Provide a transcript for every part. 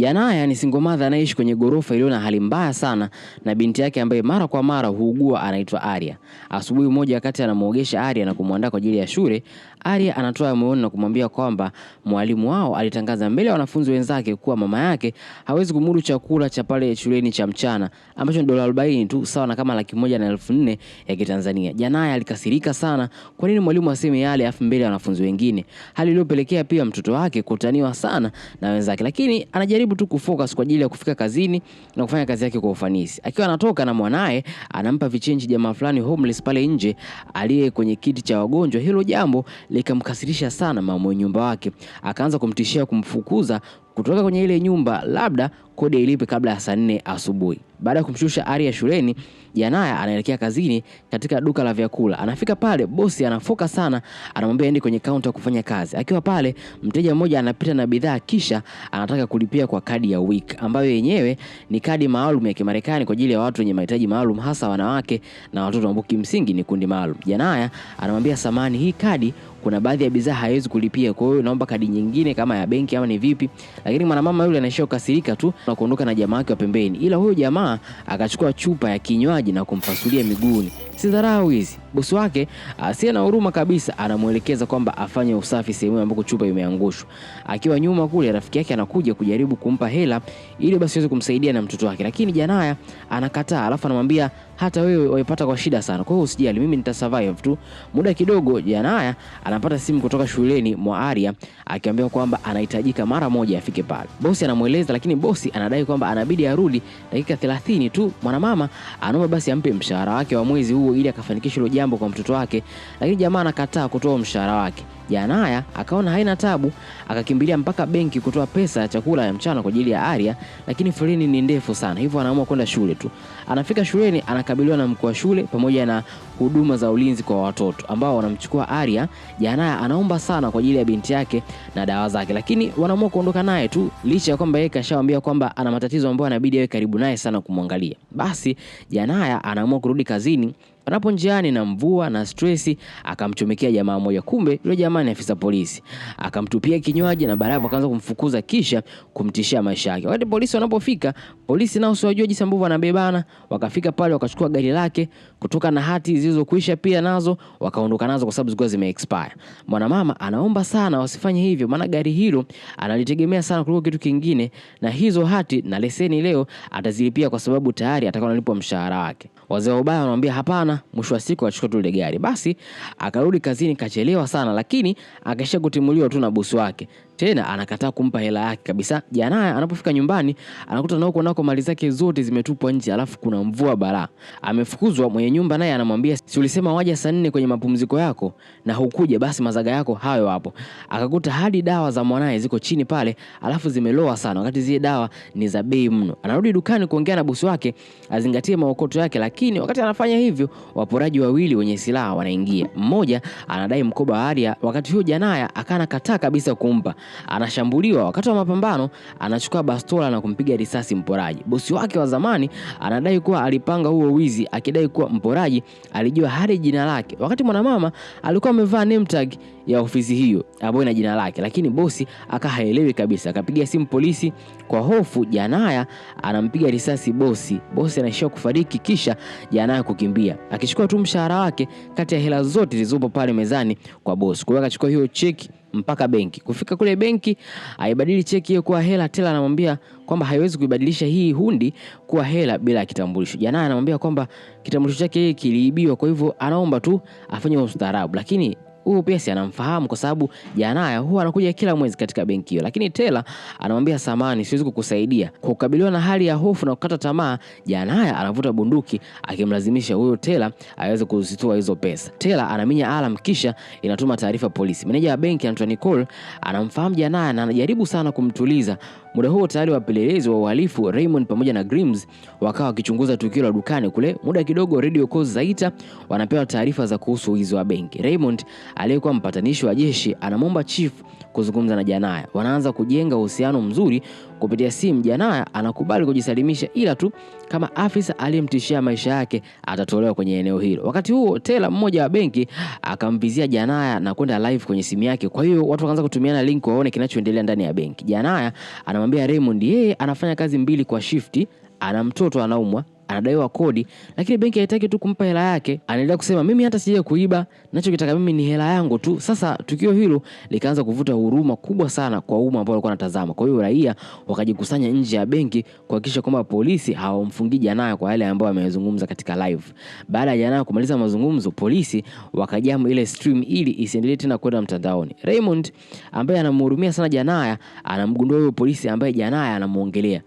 Janaya ni single mother anaishi kwenye ghorofa iliyo na hali mbaya sana na binti yake ambaye mara kwa mara huugua anaitwa Arya. Asubuhi moja wakati anamuogesha Arya na kumwandaa kwa ajili ya shule, Arya anatoa moyoni na kumwambia kwamba mwalimu wao alitangaza mbele ya wanafunzi wenzake kuwa mama yake hawezi kumudu chakula cha pale shuleni cha mchana ambacho ni dola arobaini tu sawa na kama laki moja na elfu nne ya Kitanzania. Janaya alikasirika sana, kwa nini mwalimu aseme yale afu mbele ya wanafunzi wengine, hali iliyopelekea pia mtoto wake kutaniwa sana na wenzake, lakini anajaribu tu kufocus kwa ajili ya kufika kazini na kufanya kazi yake kwa ufanisi. Akiwa anatoka na mwanaye anampa vichenji jamaa fulani homeless pale nje aliye kwenye kiti cha wagonjwa. Hilo jambo likamkasirisha sana mama nyumba wake, akaanza kumtishia kumfukuza kutoka kwenye ile nyumba, labda kodi ailipe kabla ya saa nne asubuhi. Baada ya kumshusha aria shuleni, Janaya anaelekea kazini katika duka la vyakula. Anafika pale, bosi anafoka sana, anamwambia aende kwenye kaunta kufanya kazi. Akiwa pale, mteja mmoja anapita na bidhaa, kisha anataka kulipia kwa kadi ya WIC ambayo yenyewe ni kadi maalum ya Kimarekani kwa ajili ya watu wenye mahitaji maalum, hasa wanawake na watoto ambao kimsingi ni kundi maalum. Janaya anamwambia samani, hii kadi kuna baadhi ya bidhaa haiwezi kulipia, kwa hiyo naomba kadi nyingine kama ya benki ama ni vipi. Lakini mwanamama yule anaishia kukasirika tu na kuondoka na jamaa wake wa pembeni, ila huyo jamaa jamaa akachukua chupa ya kinywaji na kumpasulia miguuni. Si dharau hizi. Bosi wake asiye na huruma kabisa anamwelekeza kwamba afanye usafi sehemu ambako chupa imeangushwa. Akiwa nyuma kule, rafiki yake anakuja kujaribu kumpa hela ili basi aweze kumsaidia na mtoto wake, lakini Janaya anakataa, alafu anamwambia hata wewe waipata kwa shida sana. Kwa hiyo usijali, mimi survive tu. Muda kidogo, Janaya anapata simu kutoka shuleni mwa Arya akiambiwa kwamba anahitajika mara moja afike pale. Bosi anamweleza, lakini bosi anadai kwamba anabidi arudi dakika 30 tu. Mwanamama anaomba basi ampe mshahara wake wa mwezi huo ili akafanikishe hilo jambo kwa mtoto wake, lakini jamaa anakataa kutoa mshahara wake. Jana haya akaona haina tabu, akakimbilia mpaka benki kutoa pesa ya chakula ya mchana kwa ajili ya Aria, lakini foleni ni ndefu sana, hivyo anaamua kwenda shule tu. Anafika shuleni, anakabiliwa na mkuu wa shule pamoja na huduma za ulinzi kwa watoto ambao wanamchukua Arya. Janaya anaomba sana kwa ajili ya binti yake na dawa zake, lakini wanaamua kuondoka naye tu, licha ya kwamba yeye kashawaambia kwamba ana matatizo ambayo anabidi awe karibu naye sana kumwangalia. Basi Janaya anaamua kurudi kazini Anapo njiani na mvua na stresi, akamchomekea jamaa mmoja, kumbe yule jamaa ni afisa polisi. Akamtupia kinywaji na baadaye akaanza kumfukuza kisha kumtishia maisha yake. Wakati polisi wanapofika, polisi nao sio wajua jinsi ambavyo wanabebana, wakafika pale wakachukua gari lake kutoka na hati zilizokwisha pia nazo wakaondoka nazo kwa sababu zilikuwa zime expire. Mwanamama anaomba sana wasifanye hivyo, maana gari hilo analitegemea sana kuliko kitu kingine, na hizo hati na leseni leo atazilipia kwa sababu tayari atakuwa analipwa mshahara wake. Wazee wa ubaya wanamwambia hapana, mwisho wa siku akachukua tu ile gari. Basi akarudi kazini kachelewa sana, lakini akisha kutimuliwa tu na bosi wake. Tena anakataa kumpa hela yake kabisa. Janaya anapofika nyumbani anakuta nako nako mali zake zote zimetupwa nje, alafu kuna mvua balaa. Amefukuzwa. Mwenye nyumba naye anamwambia si ulisema waja saa nne kwenye mapumziko yako na hukuja, basi mazaga yako hayo hapo. Akakuta hadi dawa za mwanaye ziko chini pale, alafu zimeloa sana, wakati zile dawa ni za bei mno. Anarudi dukani kuongea na bosi wake azingatie maokoto yake, lakini wakati anafanya hivyo, waporaji wawili wenye silaha wanaingia. Mmoja anadai mkoba wa aria wakati huyo Janaya akaa akanakataa kabisa kumpa Anashambuliwa wakati wa mapambano, anachukua bastola na kumpiga risasi mporaji. Bosi wake wa zamani anadai kuwa alipanga huo wizi, akidai kuwa mporaji alijua hadi jina lake, wakati mwanamama alikuwa amevaa name tag ya ofisi hiyo ambayo ina jina lake, lakini bosi akahaelewi kabisa, akapiga simu polisi kwa hofu. Janaya anampiga risasi bosi, bosi anaishia kufariki, kisha Janaya kukimbia akichukua tu mshahara wake kati ya hela zote zilizopo pale mezani kwa bosi. Kwa hiyo akachukua hiyo cheki mpaka benki. Kufika kule benki, aibadili cheki hiyo kuwa hela. Tela anamwambia kwamba haiwezi kuibadilisha hii hundi kuwa hela bila kitambulisho. Janaa anamwambia kwamba kitambulisho chake kiliibiwa, kwa hivyo anaomba tu afanye ustaarabu, lakini huyu Pesi anamfahamu kwa sababu Janaya huwa anakuja kila mwezi katika benki hiyo, lakini Tela anamwambia samani, siwezi kukusaidia. Kwa kukabiliwa na hali ya hofu na kukata tamaa, Janaya anavuta bunduki akimlazimisha huyo Tela aweze kuzitoa hizo pesa. Tela anaminya alam, kisha inatuma taarifa polisi. Meneja wa benki anaitwa Nicole anamfahamu Janaya na anajaribu sana kumtuliza Muda huo tayari wapelelezi wa uhalifu Raymond pamoja na Grims wakawa wakichunguza tukio la dukani kule. Muda kidogo, radio calls zaita, wanapewa taarifa za kuhusu wizi wa benki. Raymond aliyekuwa mpatanishi wa jeshi anamwomba chief kuzungumza na Janaya. Wanaanza kujenga uhusiano mzuri kupitia simu. Janaya anakubali kujisalimisha, ila tu kama afisa aliyemtishia maisha yake atatolewa kwenye eneo hilo. Wakati huo tela mmoja wa benki akamvizia Janaya na kwenda live kwenye simu yake, kwa hiyo watu wakaanza kutumiana link waone kinachoendelea ndani ya benki. Janaya ana Anamwambia Raymond yeye anafanya kazi mbili kwa shifti, ana mtoto anaumwa anadaiwa kodi, lakini benki haitaki tu kumpa hela yake. Anaendelea kusema mimi hata sija kuiba, nachokitaka mimi ni hela yangu tu. Sasa tukio hilo likaanza kuvuta huruma kubwa sana kwa umma ambao walikuwa wanatazama. Kwa hiyo raia wakajikusanya nje ya benki kuhakikisha kwamba polisi hawamfungii Janaya kwa yale ambayo amezungumza katika live. Baada ya Janaya kumaliza mazungumzo, polisi wakajamu ile stream ili isiendelee tena kwenda mtandaoni. Raymond ambaye anamhurumia sana Janaya anamgundua huyo polisi ambaye Janaya anamuongelea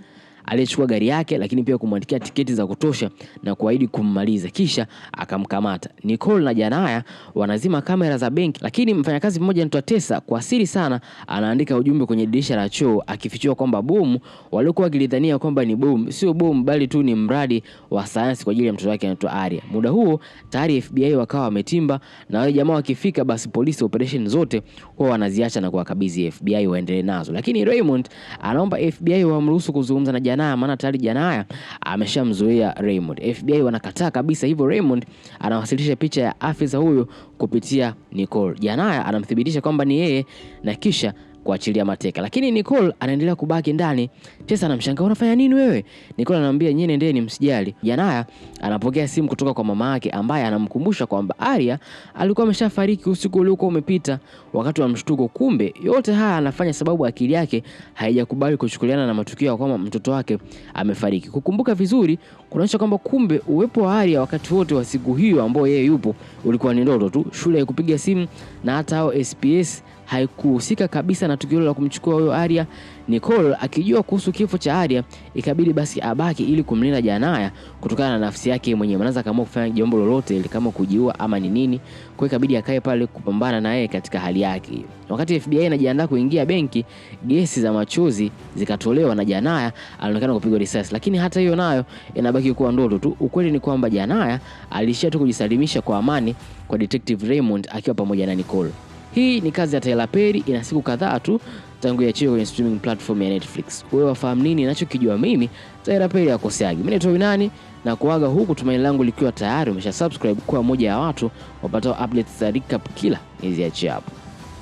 aliyechukua gari yake, lakini pia kumwandikia tiketi za kutosha na kuahidi kummaliza, kisha akamkamata. Nicole na Janaya wanazima kamera za benki, lakini mfanyakazi mmoja anaitwa Tesa kwa siri sana anaandika ujumbe kwenye dirisha la choo akifichua kwamba bomu waliokuwa wakilidhania kwamba ni bomu sio bomu, bali tu ni mradi wa sayansi kwa ajili ya mtoto wake anaitwa Aria. Muda huo tayari FBI wakawa wametimba, na wale jamaa wakifika, basi polisi operation zote huwa wanaziacha na kuwakabidhi FBI waendelee nazo, lakini Raymond anaomba FBI wamruhusu kuzungumza na Janaya Janaya, maana tayari Janaya ameshamzuia Raymond. FBI wanakataa kabisa, hivyo Raymond anawasilisha picha ya afisa huyo kupitia Nicole. Janaya anamthibitisha kwamba ni yeye na kisha kuachilia mateka, lakini Nicole anaendelea kubaki ndani. Tessa anamshangaa unafanya nini wewe? Nicole anamwambia yeye, nendeni, msijali. Janaya anapokea simu kutoka kwa mama yake ambaye anamkumbusha kwamba Aria alikuwa ameshafariki usiku uliokuwa umepita wakati wa mshtuko. Kumbe yote haya anafanya sababu akili yake haijakubali kuchukuliana na matukio ya kwamba mtoto wake amefariki. Kukumbuka vizuri kunaonyesha kwamba kumbe uwepo wa Aria wakati wote wa siku hiyo ambao yeye yupo ulikuwa ni ndoto tu, shule ya kupiga simu na hata hao SPS haikuhusika kabisa na tukio la kumchukua huyo Arya. Nicole akijua kuhusu kifo cha Arya, ikabidi basi abaki ili kumlinda Janaya kutokana na nafsi yake mwenyewe. Manaweza akaamua kufanya jambo lolote ili kama kujiua ama ni nini, kwa ikabidi akae pale kupambana na yeye katika hali yake. Wakati FBI inajiandaa kuingia benki, gesi za machozi zikatolewa na Janaya alionekana kupigwa risasi, lakini hata hiyo nayo inabaki kuwa ndoto tu. Ukweli ni kwamba Janaya alishia tu kujisalimisha kwa amani kwa Detective Raymond akiwa pamoja na Nicole. Hii ni kazi ya Tyler Perry, ina siku kadhaa tu tangu iachiwe kwenye streaming platform ya Netflix. Wewe wafahamu nini? Ninachokijua mimi Tyler Perry akoseagi. Mimi naitwa Winani na kuaga huku, tumaini langu likiwa tayari umesha subscribe kuwa moja ya watu wapatao updates za recap kila niziachiapo.